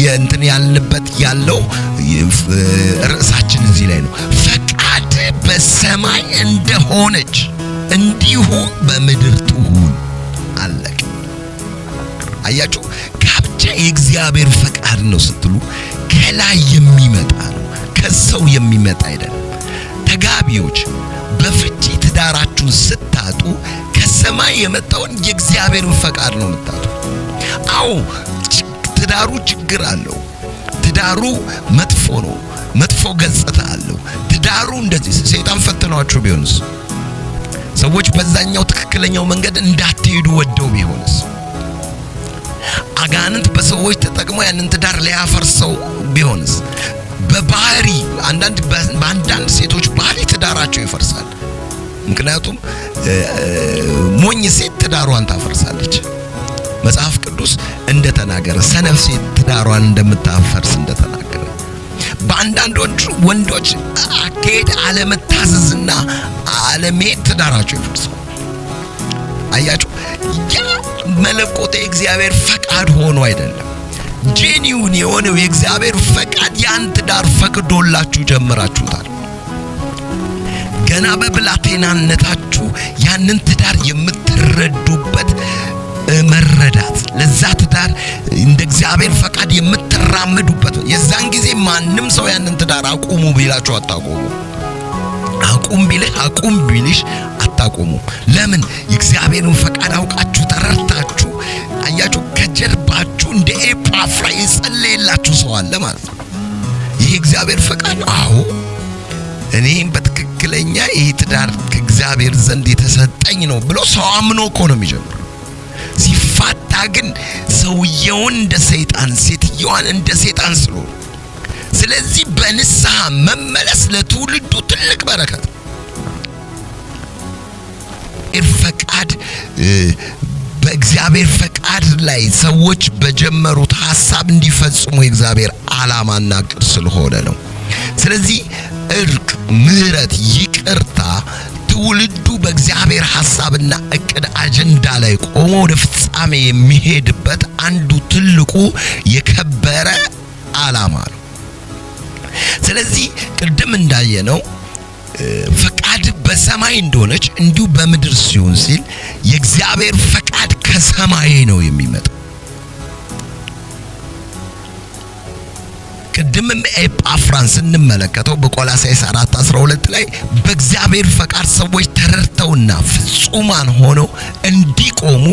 የእንትን ያልንበት ያለው ርዕሳችን እዚህ ላይ ነው። ፈቃድ በሰማይ እንደሆነች እንዲሁ በምድር ትሁን። አለቅ አያችሁ፣ ጋብቻ የእግዚአብሔር ፈቃድ ነው ስትሉ ከላይ የሚመጣ ነው፣ ከሰው የሚመጣ አይደለም። ተጋቢዎች በፍቺ ትዳራችሁን ስታጡ ከሰማይ የመጣውን የእግዚአብሔርን ፈቃድ ነው የምታጡ። አዎ ትዳሩ ችግር አለው። ትዳሩ መጥፎ ነው። መጥፎ ገጽታ አለው። ትዳሩ እንደዚህ ሰይጣን ፈትኗችሁ ቢሆንስ? ሰዎች በዛኛው ትክክለኛው መንገድ እንዳትሄዱ ወደው ቢሆንስ? አጋንንት በሰዎች ተጠቅሞ ያንን ትዳር ሊያፈርሰው ቢሆንስ? በባህሪ አንዳንድ በአንዳንድ ሴቶች ባህሪ ትዳራቸው ይፈርሳል። ምክንያቱም ሞኝ ሴት ትዳሯን ታፈርሳለች። መጽሐፍ ቅዱስ እንደተናገረ ተናገረ ሰነፍሴ ትዳሯን እንደምታፈርስ እንደተናገረ በአንዳንዶቹ ወንዶች አካሄድ አለመታዘዝና አለመሄድ ትዳራቸው ይፈርስ። አያችሁ፣ ያ መለኮት የእግዚአብሔር ፈቃድ ሆኖ አይደለም። ጄኒውን የሆነው የእግዚአብሔር ፈቃድ ያን ትዳር ፈቅዶላችሁ ጀምራችሁታል። ገና በብላቴናነታችሁ ያንን ትዳር የምትረዱበት መረዳት ለዛ ትዳር እንደ እግዚአብሔር ፈቃድ የምትራመዱበት የዛን ጊዜ ማንም ሰው ያንን ትዳር አቁሙ ቢላችሁ አታቆሙ። አቁም ቢልህ አቁም ቢልሽ አታቆሙ። ለምን? የእግዚአብሔርን ፈቃድ አውቃችሁ ተረድታችሁ አያችሁ። ከጀርባችሁ እንደ ኤጳፍራ የጸለየላችሁ ሰው አለ ማለት ነው። ይህ እግዚአብሔር ፈቃድ አዎ እኔም በትክክለኛ ይህ ትዳር ከእግዚአብሔር ዘንድ የተሰጠኝ ነው ብሎ ሰው አምኖ እኮ ነው የሚጀምረው። ሲፋታ ግን ሰውየውን እንደ ሰይጣን፣ ሴትየዋን እንደ ሰይጣን ስለሆኑ ስለዚህ በንስሐ መመለስ ለትውልዱ ትልቅ በረከት ፈቃድ በእግዚአብሔር ፈቃድ ላይ ሰዎች በጀመሩት ሐሳብ እንዲፈጽሙ የእግዚአብሔር ዓላማና ዕቅድ ስለሆነ ነው። ስለዚህ እርቅ፣ ምህረት ይቅርታ ትውልዱ በእግዚአብሔር ሐሳብና እቅድ አጀንዳ ላይ ቆሞ ወደ ፍጻሜ የሚሄድበት አንዱ ትልቁ የከበረ ዓላማ ነው። ስለዚህ ቅድም እንዳየነው ፈቃድ በሰማይ እንደሆነች እንዲሁ በምድር ሲሆን ሲል የእግዚአብሔር ፈቃድ ከሰማይ ነው የሚመጣው። ቅድምም ኤጳፍራን ስንመለከተው በቆላሳይስ 4:12 ላይ በእግዚአብሔር ፈቃድ ሰዎች ተረድተውና ፍጹማን ሆነው እንዲቆሙ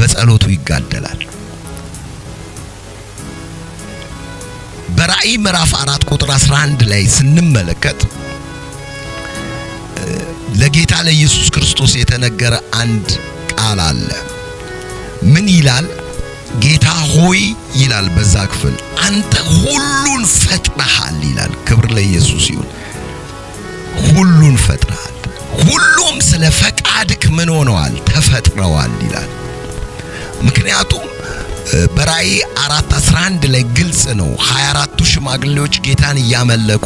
በጸሎቱ ይጋደላል። በራእይ ምዕራፍ 4 ቁጥር 11 ላይ ስንመለከት ለጌታ ለኢየሱስ ክርስቶስ የተነገረ አንድ ቃል አለ። ምን ይላል? ጌታ ሆይ ይላል በዛ ክፍል አንተ ሁሉን ፈጥረሃል ይላል። ክብር ለኢየሱስ ይሁን። ሁሉን ፈጥረሃል። ሁሉም ስለ ፈቃድክ ምን ሆነዋል? ተፈጥረዋል ይላል። ምክንያቱም በራእይ 4:11 ላይ ግልጽ ነው። 24ቱ ሽማግሌዎች ጌታን እያመለኩ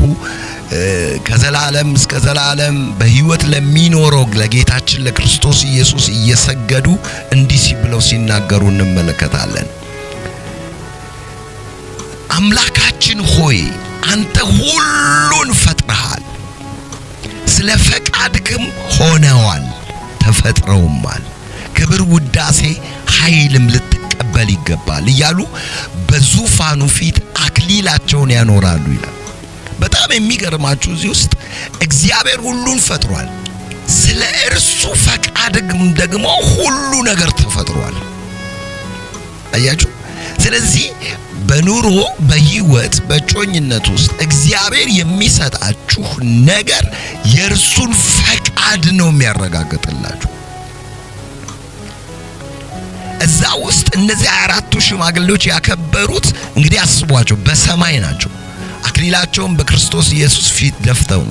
ከዘላለም እስከ ዘላለም በህይወት ለሚኖረው ለጌታችን ለክርስቶስ ኢየሱስ እየሰገዱ እንዲህ ብለው ሲናገሩ እንመለከታለን። አምላካችን ሆይ አንተ ሁሉን ፈጥረሃል፣ ስለ ፈቃድክም ሆነዋል፣ ተፈጥረውማል። ክብር፣ ውዳሴ፣ ኃይልም ልትቀበል ይገባል እያሉ በዙፋኑ ፊት አክሊላቸውን ያኖራሉ ይላል። በጣም የሚገርማችሁ እዚህ ውስጥ እግዚአብሔር ሁሉን ፈጥሯል። ስለ እርሱ ፈቃድ ደግሞ ሁሉ ነገር ተፈጥሯል። አያችሁ። ስለዚህ በኑሮ በህይወት በጮኝነት ውስጥ እግዚአብሔር የሚሰጣችሁ ነገር የእርሱን ፈቃድ ነው የሚያረጋግጥላችሁ። እዛ ውስጥ እነዚህ አራቱ ሽማግሌዎች ያከበሩት እንግዲህ አስቧቸው፣ በሰማይ ናቸው። አክሊላቸውን በክርስቶስ ኢየሱስ ፊት ደፍተው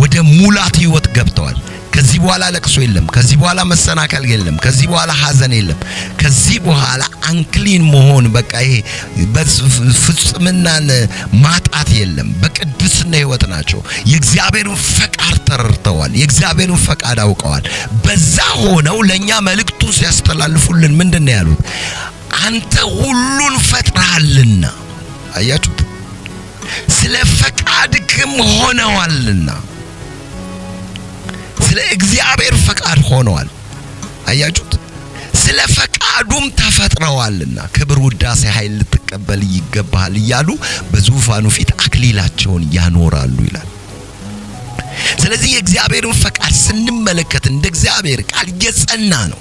ወደ ሙላት ህይወት ገብተዋል። ከዚህ በኋላ ለቅሶ የለም። ከዚህ በኋላ መሰናከል የለም። ከዚህ በኋላ ሐዘን የለም። ከዚህ በኋላ አንክሊን መሆን በቃ ይሄ በፍጽምናን ማጣት የለም። በቅድስና ህይወት ናቸው። የእግዚአብሔርን ፈቃድ ተረድተዋል። የእግዚአብሔርን ፈቃድ አውቀዋል። በዛ ሆነው ለእኛ መልእክቱን ሲያስተላልፉልን ምንድን ነው ያሉት? አንተ ሁሉን ፈጥረሃልና። አያችሁት? ስለ ፈቃድክም ሆነዋልና ስለ እግዚአብሔር ፈቃድ ሆነዋል። አያችሁት? ስለ ፈቃዱም ተፈጥረዋልና ክብር፣ ውዳሴ፣ ኃይል ልትቀበል ይገባሃል እያሉ በዙፋኑ ፊት አክሊላቸውን ያኖራሉ ይላል። ስለዚህ የእግዚአብሔርን ፈቃድ ስንመለከት እንደ እግዚአብሔር ቃል የጸና ነው።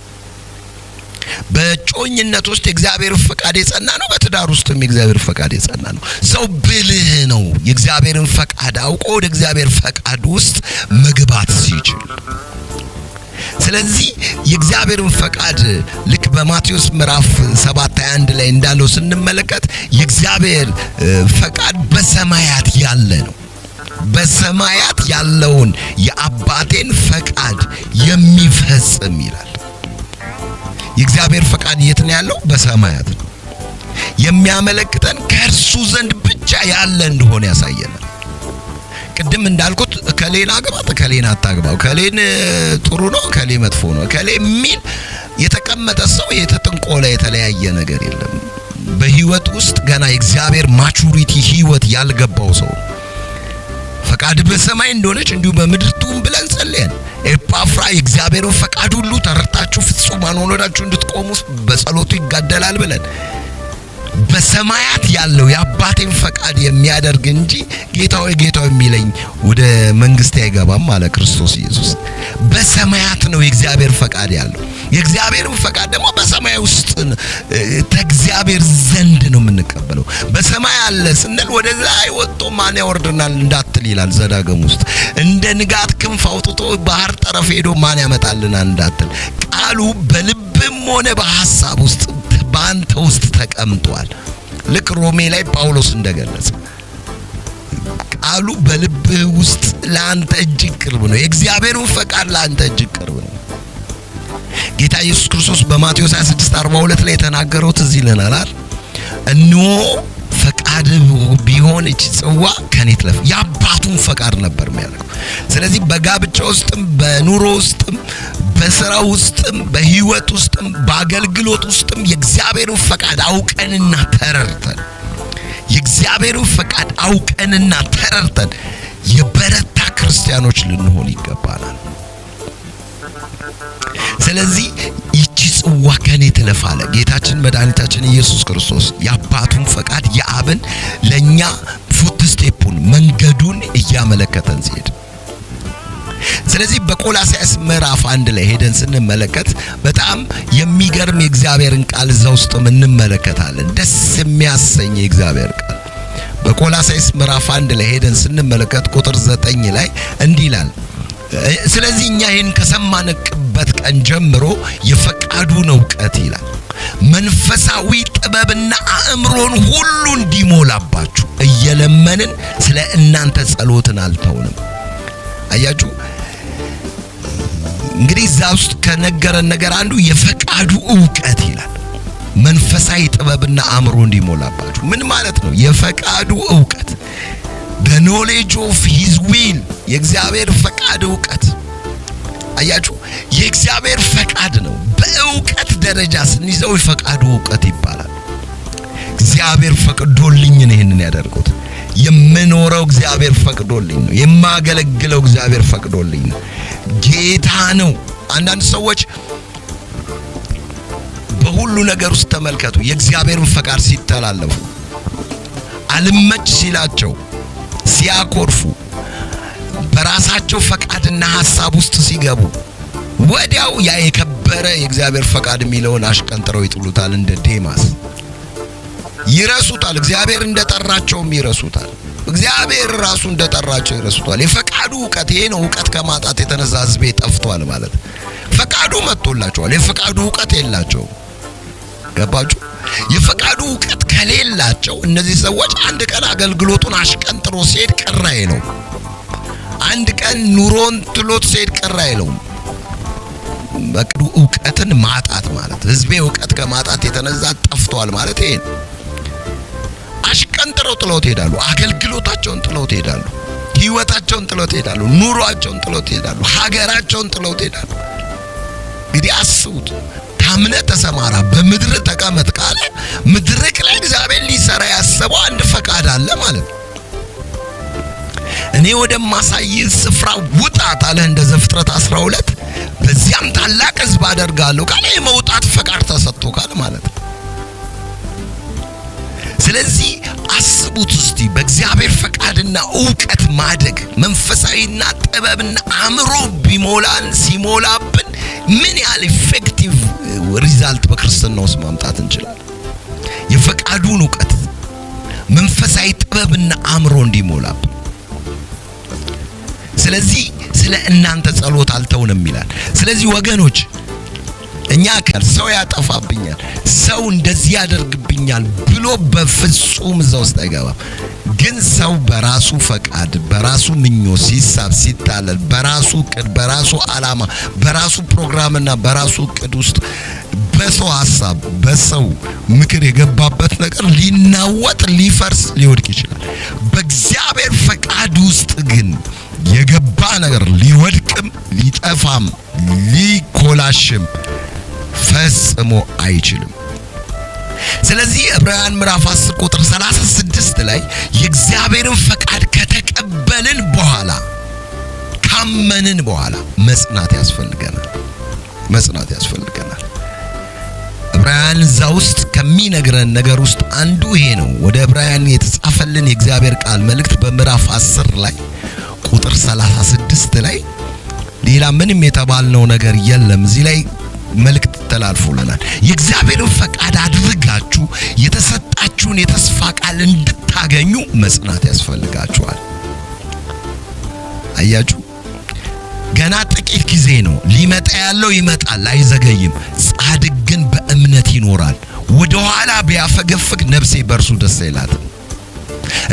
በጮኝነት ውስጥ የእግዚአብሔር ፈቃድ የጸና ነው። በትዳር ውስጥም የእግዚአብሔር ፈቃድ የጸና ነው። ሰው ብልህ ነው። የእግዚአብሔርን ፈቃድ አውቆ ወደ እግዚአብሔር ፈቃድ ውስጥ መግባት ሲችል ስለዚህ የእግዚአብሔርን ፈቃድ ልክ በማቴዎስ ምዕራፍ 7 21 ላይ እንዳለው ስንመለከት የእግዚአብሔር ፈቃድ በሰማያት ያለ ነው። በሰማያት ያለውን የአባቴን ፈቃድ የሚፈጽም ይላል። የእግዚአብሔር ፈቃድ የት ነው ያለው? በሰማያት ነው። የሚያመለክተን ከእርሱ ዘንድ ብቻ ያለ እንደሆነ ያሳየናል። ቅድም እንዳልኩት ከሌን አግባት ከሌን አታግባው፣ ከሌን ጥሩ ነው ከሌ መጥፎ ነው ከሌ የሚል የተቀመጠ ሰው የተጥንቆለ የተለያየ ነገር የለም። በህይወት ውስጥ ገና የእግዚአብሔር ማቹሪቲ ህይወት ያልገባው ሰው ፈቃድ በሰማይ እንደሆነች እንዲሁ በምድር ትሁን ብለን ጸልየን ኤጳፍራ የእግዚአብሔርን ፈቃድ ሁሉ ተረድታችሁ ፍጹማን ሆናችሁ እንድትቆሙ በጸሎቱ ይጋደላል ብለን በሰማያት ያለው የአባቴን ፈቃድ የሚያደርግ እንጂ ወይ ጌታ የሚለኝ ወደ መንግስቴ አይገባም አለ ክርስቶስ ኢየሱስ። በሰማያት ነው የእግዚአብሔር ፈቃድ ያለው። የእግዚአብሔርን ፈቃድ ደግሞ በሰማይ ውስጥ ተግዚአብሔር ዘንድ ነው የምንቀበለው። በሰማይ አለ ስንል ወደ ላይ ወጥቶ ማን ያወርድናል እንዳትል ይላል ዘዳግም ውስጥ። እንደ ንጋት ክንፍ አውጥቶ ባህር ጠረፍ ሄዶ ማን ያመጣልናል እንዳትል ቃሉ በልብም ሆነ በሐሳብ ውስጥ በአንተ ውስጥ ተቀምጧል። ልክ ሮሜ ላይ ጳውሎስ እንደገለጸ ቃሉ በልብህ ውስጥ ለአንተ እጅግ ቅርብ ነው። የእግዚአብሔርን ፈቃድ ለአንተ እጅግ ቅርብ ነው። ጌታ ኢየሱስ ክርስቶስ በማቴዎስ 26 42 ላይ የተናገረው ትዝ ይለናል። እንሆ ፈቃድ ቢሆን እች ጽዋ ከኔ ትለፍ። የአባቱን ፈቃድ ነበር የሚያደርገው። ስለዚህ በጋብቻ ውስጥም በኑሮ ውስጥም በስራ ውስጥም በህይወት ውስጥም በአገልግሎት ውስጥም የእግዚአብሔርን ፈቃድ አውቀንና ተረርተን የእግዚአብሔርን ፈቃድ አውቀንና ተረርተን የበረታ ክርስቲያኖች ልንሆን ይገባናል። ስለዚህ እንለፍ አለ ጌታችን መድኃኒታችን ኢየሱስ ክርስቶስ የአባቱን ፈቃድ የአብን ለእኛ ፉት ስቴፑን መንገዱን እያመለከተን ሲሄድ ስለዚህ በቆላሲያስ ምዕራፍ አንድ ላይ ሄደን ስንመለከት በጣም የሚገርም የእግዚአብሔርን ቃል እዛ ውስጥም እንመለከታለን። ደስ የሚያሰኝ የእግዚአብሔር ቃል በቆላስይስ ምዕራፍ አንድ ላይ ሄደን ስንመለከት ቁጥር ዘጠኝ ላይ እንዲህ ይላል። ስለዚህ እኛ ይህን ከሰማንበት ቀን ጀምሮ የፈቃዱን እውቀት ይላል መንፈሳዊ ጥበብና አእምሮን ሁሉ እንዲሞላባችሁ እየለመንን ስለ እናንተ ጸሎትን አልተውንም። አያችሁ እንግዲህ እዛ ውስጥ ከነገረን ነገር አንዱ የፈቃዱ እውቀት ይላል። መንፈሳዊ ጥበብና አእምሮ እንዲሞላባችሁ ምን ማለት ነው? የፈቃዱ እውቀት በኖሌጅ ኦፍ ሂዝ ዊል የእግዚአብሔር ፈቃድ እውቀት አያችሁ፣ የእግዚአብሔር ፈቃድ ነው። በእውቀት ደረጃ ስንይዘው የፈቃዱ እውቀት ይባላል። እግዚአብሔር ፈቅዶልኝ ነው ይህንን ያደርጉት። የምኖረው እግዚአብሔር ፈቅዶልኝ ነው። የማገለግለው እግዚአብሔር ፈቅዶልኝ ነው። ጌታ ነው። አንዳንድ ሰዎች በሁሉ ነገር ውስጥ ተመልከቱ፣ የእግዚአብሔርን ፈቃድ ሲተላለፉ አልመች ሲላቸው ሲያኮርፉ፣ በራሳቸው ፈቃድና ሀሳብ ውስጥ ሲገቡ ወዲያው ያ የከበረ የእግዚአብሔር ፈቃድ የሚለውን አሽቀንጥረው ይጥሉታል። እንደ ዴማስ ይረሱታል። እግዚአብሔር እንደጠራቸውም ይረሱታል። እግዚአብሔር ራሱ እንደጠራቸው ይረሱታል። የፈቃዱ እውቀት ይሄ ነው። እውቀት ከማጣት የተነሳ ህዝቤ ጠፍቷል ማለት ፈቃዱ መጥቶላቸዋል። የፈቃዱ እውቀት የላቸውም። ገባችሁ? የፈቃዱ እውቀት ከሌላቸው እነዚህ ሰዎች አንድ ቀን አገልግሎቱን አሽቀንጥሮ ሲሄድ ቀረ አይለው። አንድ ቀን ኑሮን ትሎት ሲሄድ ቀረ አይለውም። በቅዱ እውቀትን ማጣት ማለት ህዝቤ እውቀት ከማጣት የተነዛ ጠፍቷል ማለት ይሄን አሽቀንጥረው ጥሎት ይሄዳሉ። አገልግሎታቸውን ጥሎት ይሄዳሉ። ህይወታቸውን ጥሎት ይሄዳሉ። ኑሯቸውን ጥሎት ይሄዳሉ። ሀገራቸውን ጥሎት ይሄዳሉ። እንግዲህ አስቡት። አምነህ ተሰማራ፣ በምድር ተቀመጥ ካለ ምድርክ ላይ እግዚአብሔር ሊሰራ ያሰበው አንድ ፈቃድ አለ ማለት ነው። እኔ ማሳይ ስፍራ ውጣ ታለ እንደ ዘፍጥረት 12 በዚያም ታላቅ ህዝብ አደርጋለሁ ካለ የመውጣት ፈቃድ ተሰጥቶ ካለ ማለት ነው። ስለዚህ አስቡት እስቲ በእግዚአብሔር ፈቃድና እውቀት ማደግ መንፈሳዊና ጥበብና አእምሮ ቢሞላን ሲሞላብን ምን ያህል ፖዚቲቭ ሪዛልት በክርስትና ውስጥ ማምጣት እንችላለን። የፈቃዱን እውቀት መንፈሳዊ ጥበብና አእምሮ እንዲሞላብ። ስለዚህ ስለ እናንተ ጸሎት አልተውንም ይላል። ስለዚህ ወገኖች እኛ አካል ሰው ያጠፋብኛል፣ ሰው እንደዚህ ያደርግብኛል ብሎ በፍጹም እዛ ውስጥ አይገባም። ግን ሰው በራሱ ፈቃድ፣ በራሱ ምኞት ሲሳብ፣ ሲታለል፣ በራሱ እቅድ፣ በራሱ አላማ በራሱ ፕሮግራምና በራሱ እቅድ ውስጥ በሰው ሀሳብ፣ በሰው ምክር የገባበት ነገር ሊናወጥ፣ ሊፈርስ፣ ሊወድቅ ይችላል። በእግዚአብሔር ፈቃድ ውስጥ ግን የገባ ነገር ሊወድቅም፣ ሊጠፋም፣ ሊኮላሽም ፈጽሞ አይችልም። ስለዚህ ዕብራውያን ምዕራፍ 10 ቁጥር 36 ላይ የእግዚአብሔርን ፈቃድ ከተቀበልን በኋላ ካመንን በኋላ መጽናት ያስፈልገናል። መጽናት ያስፈልገናል። ዕብራውያን እዛ ውስጥ ከሚነግረን ነገር ውስጥ አንዱ ይሄ ነው። ወደ ዕብራውያን የተጻፈልን የእግዚአብሔር ቃል መልእክት በምዕራፍ 10 ላይ ቁጥር 36 ላይ ሌላ ምንም የተባልነው ነገር የለም። እዚህ ላይ መልእክት ተላልፎልናል። የእግዚአብሔርን ፈቃድ አድርጋችሁ የተሰጣችሁን የተስፋ ቃል እንድታገኙ መጽናት ያስፈልጋችኋል። አያችሁ፣ ገና ጥቂት ጊዜ ነው። ሊመጣ ያለው ይመጣል፣ አይዘገይም። ጻድቅ ግን በእምነት ይኖራል። ወደ ኋላ ቢያፈገፍግ ነፍሴ በእርሱ ደስ ይላት።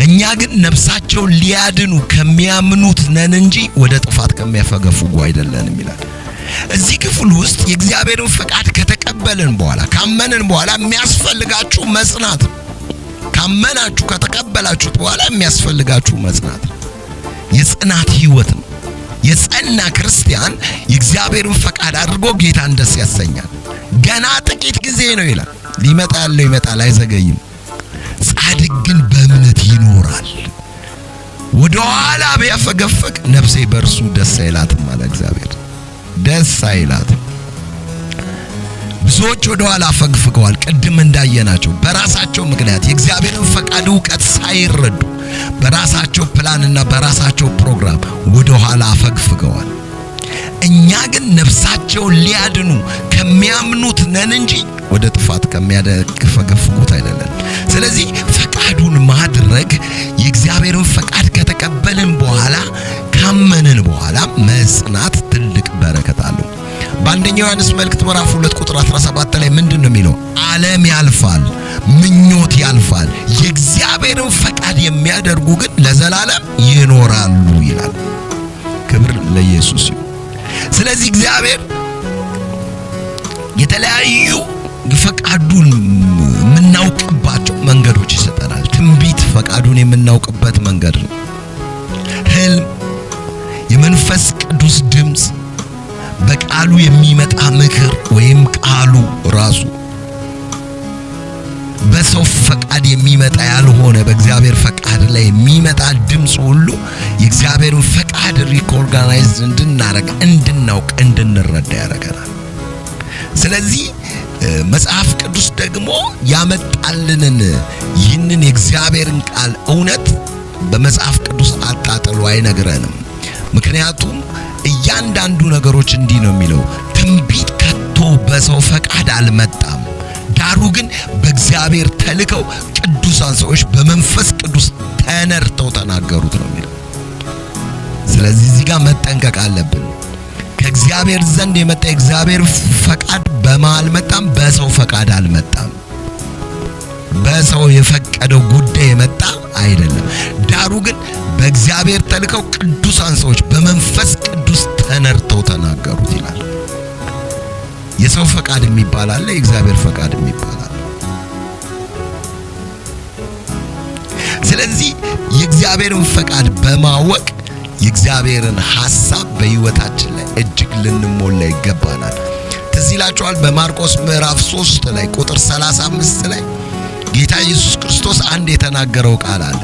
እኛ ግን ነፍሳቸውን ሊያድኑ ከሚያምኑት ነን እንጂ ወደ ጥፋት ከሚያፈገፍጉ አይደለንም ይላል። እዚህ ክፍል ውስጥ የእግዚአብሔርን ፈቃድ ከተቀበልን በኋላ ካመንን በኋላ የሚያስፈልጋችሁ መጽናት ካመናችሁ ከተቀበላችሁት በኋላ የሚያስፈልጋችሁ መጽናት የጽናት ህይወት ነው። የጸና ክርስቲያን የእግዚአብሔርን ፈቃድ አድርጎ ጌታን ደስ ያሰኛል። ገና ጥቂት ጊዜ ነው ይላል። ሊመጣ ያለው ይመጣል፣ አይዘገይም። ጻድቅ ግን በእምነት ይኖራል። ወደ ኋላ ቢያፈገፈግ ነፍሴ በእርሱ ደስ አይላትም አለ እግዚአብሔር። ደስ አይላት። ብዙዎች ወደ ኋላ አፈግፍገዋል። ቅድም እንዳየናቸው በራሳቸው ምክንያት የእግዚአብሔርን ፈቃድ እውቀት ሳይረዱ በራሳቸው ፕላንና በራሳቸው ፕሮግራም ወደ ኋላ አፈግፍገዋል። እኛ ግን ነፍሳቸውን ሊያድኑ ከሚያምኑት ነን እንጂ ወደ ጥፋት ከሚያፈገፍጉት አይደለም። ስለዚህ ፈቃዱን ማድረግ የእግዚአብሔርን ፈቃድ ከተቀበልን በኋላ ካመንን በኋላ መጽናት ትል በረከት አለው። በአንደኛው ዮሐንስ መልእክት ምዕራፍ 2 ቁጥር 17 ላይ ምንድን ነው የሚለው? ዓለም ያልፋል፣ ምኞት ያልፋል፣ የእግዚአብሔርን ፈቃድ የሚያደርጉ ግን ለዘላለም ይኖራሉ ይላል። ክብር ለኢየሱስ ይሁን። ስለዚህ እግዚአብሔር የተለያዩ ፈቃዱን የምናውቅባቸው መንገዶች ይሰጠናል። ትንቢት ፈቃዱን የምናውቅበት መንገድ ነው። ህልም፣ የመንፈስ ቅዱስ ድምፅ በቃሉ የሚመጣ ምክር ወይም ቃሉ ራሱ በሰው ፈቃድ የሚመጣ ያልሆነ በእግዚአብሔር ፈቃድ ላይ የሚመጣ ድምፅ ሁሉ የእግዚአብሔርን ፈቃድ ሪኮርጋናይዝ እንድናረግ፣ እንድናውቅ፣ እንድንረዳ ያደርገናል። ስለዚህ መጽሐፍ ቅዱስ ደግሞ ያመጣልንን ይህንን የእግዚአብሔርን ቃል እውነት በመጽሐፍ ቅዱስ አጣጥሎ አይነግረንም። ምክንያቱም እያንዳንዱ ነገሮች እንዲህ ነው የሚለው ትንቢት ከቶ በሰው ፈቃድ አልመጣም፣ ዳሩ ግን በእግዚአብሔር ተልከው ቅዱሳን ሰዎች በመንፈስ ቅዱስ ተነርተው ተናገሩት ነው የሚለው። ስለዚህ እዚህ ጋር መጠንቀቅ አለብን። ከእግዚአብሔር ዘንድ የመጣ የእግዚአብሔር ፈቃድ በማ አልመጣም፣ በሰው ፈቃድ አልመጣም። በሰው የፈቀደው ጉዳይ የመጣ አይደለም። ዳሩ ግን በእግዚአብሔር ተልከው ቅዱሳን ሰዎች በመንፈስ ቅዱስ ተነርተው ተናገሩት ይላል። የሰው ፈቃድ የሚባል አለ፣ የእግዚአብሔር ፈቃድ የሚባል አለ። ስለዚህ የእግዚአብሔርን ፈቃድ በማወቅ የእግዚአብሔርን ሐሳብ በሕይወታችን ላይ እጅግ ልንሞላ ይገባናል። ትዝ ይላችኋል በማርቆስ ምዕራፍ 3 ላይ ቁጥር 35 ላይ ጌታ ኢየሱስ ክርስቶስ አንድ የተናገረው ቃል አለ።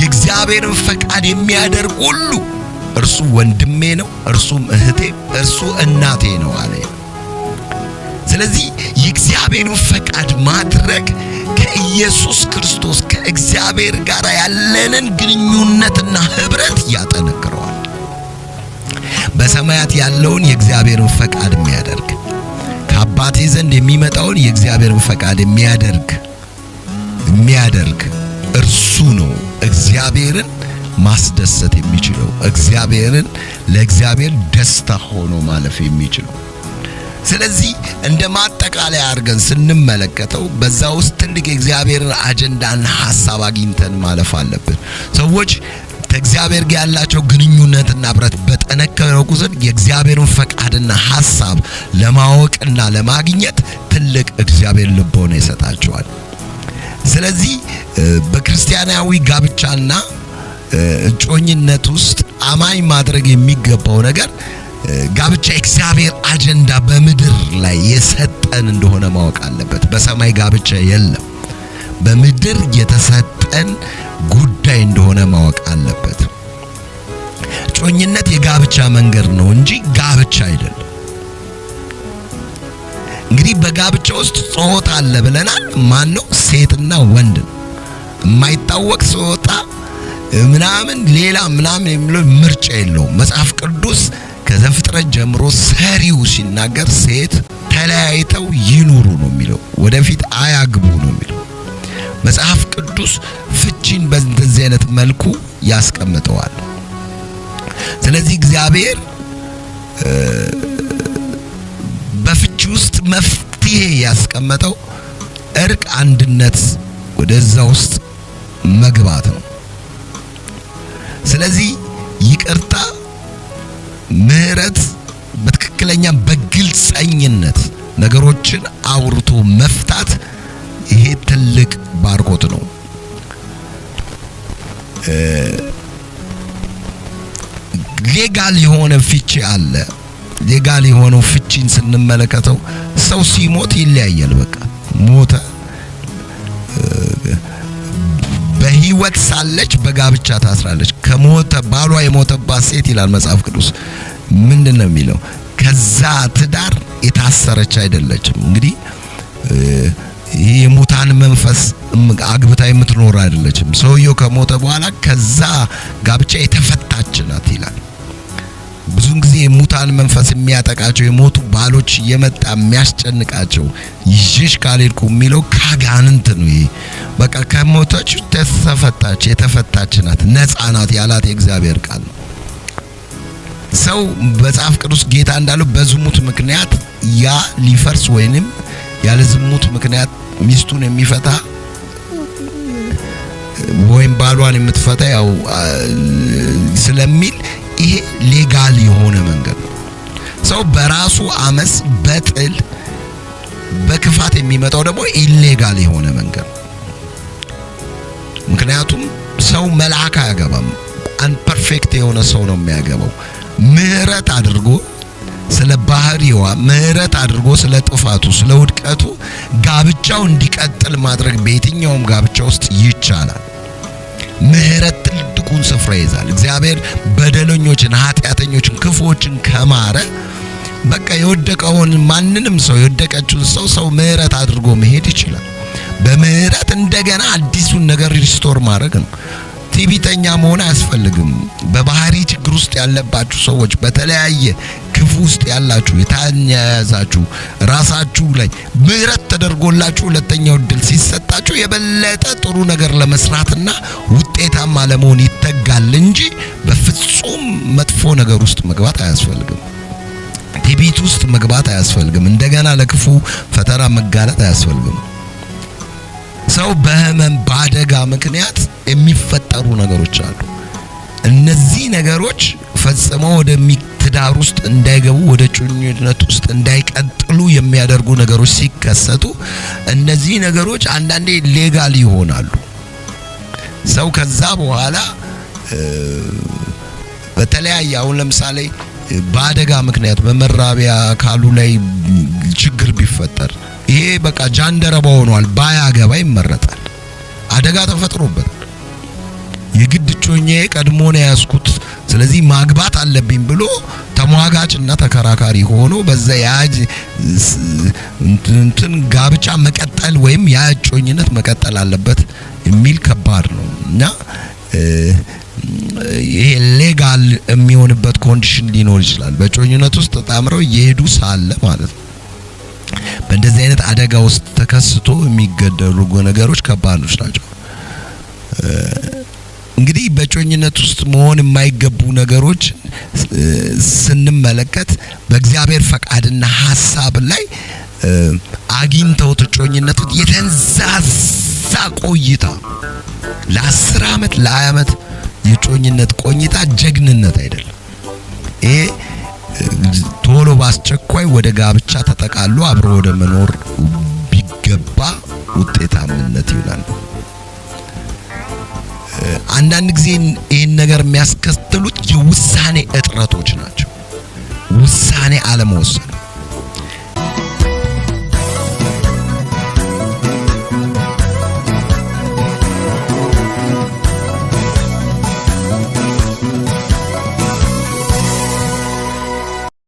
የእግዚአብሔርን ፈቃድ የሚያደርግ ሁሉ እርሱ ወንድሜ ነው፣ እርሱም እህቴ፣ እርሱ እናቴ ነው አለ። ስለዚህ የእግዚአብሔርን ፈቃድ ማድረግ ከኢየሱስ ክርስቶስ ከእግዚአብሔር ጋር ያለንን ግንኙነትና ህብረት ያጠነክረዋል። በሰማያት ያለውን የእግዚአብሔርን ፈቃድ የሚያደርግ ከአባቴ ዘንድ የሚመጣውን የእግዚአብሔርን ፈቃድ የሚያደርግ የሚያደርግ እርሱ ነው እግዚአብሔርን ማስደሰት የሚችለው እግዚአብሔርን ለእግዚአብሔር ደስታ ሆኖ ማለፍ የሚችለው። ስለዚህ እንደ ማጠቃለያ አድርገን ስንመለከተው በዛ ውስጥ ትልቅ የእግዚአብሔርን አጀንዳና ሐሳብ አግኝተን ማለፍ አለብን። ሰዎች ከእግዚአብሔር ጋር ያላቸው ግንኙነትና ብረት በጠነከረው ቁጥር የእግዚአብሔርን ፈቃድና ሐሳብ ለማወቅና ለማግኘት ትልቅ እግዚአብሔር ልቦና ይሰጣቸዋል። ስለዚህ በክርስቲያናዊ ጋብቻና እጮኝነት ውስጥ አማኝ ማድረግ የሚገባው ነገር ጋብቻ እግዚአብሔር አጀንዳ በምድር ላይ የሰጠን እንደሆነ ማወቅ አለበት። በሰማይ ጋብቻ የለም። በምድር የተሰጠን ጉዳይ እንደሆነ ማወቅ አለበት። እጮኝነት የጋብቻ መንገድ ነው እንጂ ጋብቻ አይደለም። እንግዲህ በጋብቻ ውስጥ ጾታ አለ ብለናል። ማን ነው? ሴትና ወንድ ነው። የማይታወቅ ጾታ ምናምን ሌላ ምናምን የሚለው ምርጫ የለውም። መጽሐፍ ቅዱስ ከዘፍጥረት ጀምሮ ሰሪው ሲናገር ሴት ተለያይተው ይኑሩ ነው የሚለው፣ ወደፊት አያግቡ ነው የሚለው። መጽሐፍ ቅዱስ ፍቺን በእንደዚህ አይነት መልኩ ያስቀምጠዋል። ስለዚህ እግዚአብሔር በፍቺ ውስጥ መፍትሄ ያስቀመጠው እርቅ፣ አንድነት ወደዛ ውስጥ መግባት ነው። ስለዚህ ይቅርታ፣ ምህረት፣ በትክክለኛ በግልጸኝነት ነገሮችን አውርቶ መፍታት ይሄ ትልቅ ባርኮት ነው። ሌጋል የሆነ ፍቺ አለ። ሌጋል የሆነው ፍቺን ስንመለከተው ሰው ሲሞት ይለያያል። በቃ ሞተ። በህይወት ሳለች በጋብቻ ታስራለች። ከሞተ ባሏ የሞተባት ሴት ይላል መጽሐፍ ቅዱስ ምንድን ነው የሚለው? ከዛ ትዳር የታሰረች አይደለችም። እንግዲህ ይህ የሙታን መንፈስ አግብታ የምትኖር አይደለችም። ሰውየው ከሞተ በኋላ ከዛ ጋብቻ የተፈታች ናት ይላል። ብዙን ጊዜ የሙታን መንፈስ የሚያጠቃቸው የሞቱ ባሎች የመጣ የሚያስጨንቃቸው ይዤሽ ካልሄድኩ የሚለው ካጋንንት ነው። ይሄ በቃ ከሞተች ተፈታች፣ የተፈታች ናት፣ ነፃ ናት ያላት የእግዚአብሔር ቃል ሰው መጽሐፍ ቅዱስ ጌታ እንዳለው በዝሙት ምክንያት ያ ሊፈርስ ወይንም ያለ ዝሙት ምክንያት ሚስቱን የሚፈታ ወይም ባሏን የምትፈታ ያው ስለሚል ይሄ ሌጋል የሆነ መንገድ ነው። ሰው በራሱ አመስ፣ በጥል በክፋት የሚመጣው ደግሞ ኢሌጋል የሆነ መንገድ ነው። ምክንያቱም ሰው መልአክ አያገባም። አንፐርፌክት የሆነ ሰው ነው የሚያገባው። ምህረት አድርጎ ስለ ባህሪዋ ምህረት አድርጎ ስለ ጥፋቱ፣ ስለ ውድቀቱ ጋብቻው እንዲቀጥል ማድረግ በየትኛውም ጋብቻ ውስጥ ይቻላል። ምህረት ትልቁን ስፍራ ይዛል። እግዚአብሔር በደለኞችን፣ ኃጢአተኞችን፣ ክፉዎችን ከማረ በቃ የወደቀውን ማንንም ሰው የወደቀችውን ሰው ሰው ምህረት አድርጎ መሄድ ይችላል። በምህረት እንደገና አዲሱን ነገር ሪስቶር ማድረግ ነው። ትዕቢተኛ መሆን አያስፈልግም። በባህሪ ችግር ውስጥ ያለባችሁ ሰዎች በተለያየ ክፉ ውስጥ ያላችሁ የታኛያዛችሁ ራሳችሁ ላይ ምሕረት ተደርጎላችሁ ሁለተኛው እድል ሲሰጣችሁ የበለጠ ጥሩ ነገር ለመስራትና ውጤታማ ለመሆን ይተጋል እንጂ በፍጹም መጥፎ ነገር ውስጥ መግባት አያስፈልግም። ትዕቢት ውስጥ መግባት አያስፈልግም። እንደገና ለክፉ ፈተና መጋለጥ አያስፈልግም። ሰው በህመም በአደጋ ምክንያት የሚፈጠሩ ነገሮች አሉ። እነዚህ ነገሮች ፈጽመው ወደሚ ትዳር ውስጥ እንዳይገቡ ወደ ጩኝነት ውስጥ እንዳይቀጥሉ የሚያደርጉ ነገሮች ሲከሰቱ እነዚህ ነገሮች አንዳንዴ ሌጋል ይሆናሉ። ሰው ከዛ በኋላ በተለያየ አሁን ለምሳሌ በአደጋ ምክንያት በመራቢያ አካሉ ላይ ችግር ቢፈጠር ይሄ በቃ ጃንደረባ ሆኗል፣ ባያገባ ይመረጣል። አደጋ ተፈጥሮበታል። የግድ ጮኛዬ ቀድሞ ነው ያዝኩት ስለዚህ ማግባት አለብኝ ብሎ ተሟጋጭና ተከራካሪ ሆኖ በዛ ያጅ እንትን ጋብቻ መቀጠል ወይም ያጮኝነት መቀጠል አለበት የሚል ከባድ ነው እና ይሄ ሌጋል የሚሆንበት ኮንዲሽን ሊኖር ይችላል። በጮኝነት ውስጥ ተጣምረው እየሄዱ ሳለ ማለት ነው። በእንደዚህ አይነት አደጋ ውስጥ ተከስቶ የሚገደሉ ነገሮች ከባዶች ናቸው። እንግዲህ በጮኝነት ውስጥ መሆን የማይገቡ ነገሮች ስንመለከት በእግዚአብሔር ፈቃድና ሀሳብ ላይ አግኝተው እጮኝነት የተንዛዛ ቆይታ ለአስር ዓመት ለሀያ ዓመት የእጮኝነት ቆይታ ጀግንነት አይደለም። ይሄ ቶሎ በአስቸኳይ ወደ ጋብቻ ተጠቃሎ አብሮ ወደ መኖር ቢገባ ውጤታምነት ይውላል። አንዳንድ ጊዜ ይህን ነገር የሚያስከትሉት የውሳኔ እጥረቶች ናቸው። ውሳኔ አለመወሰን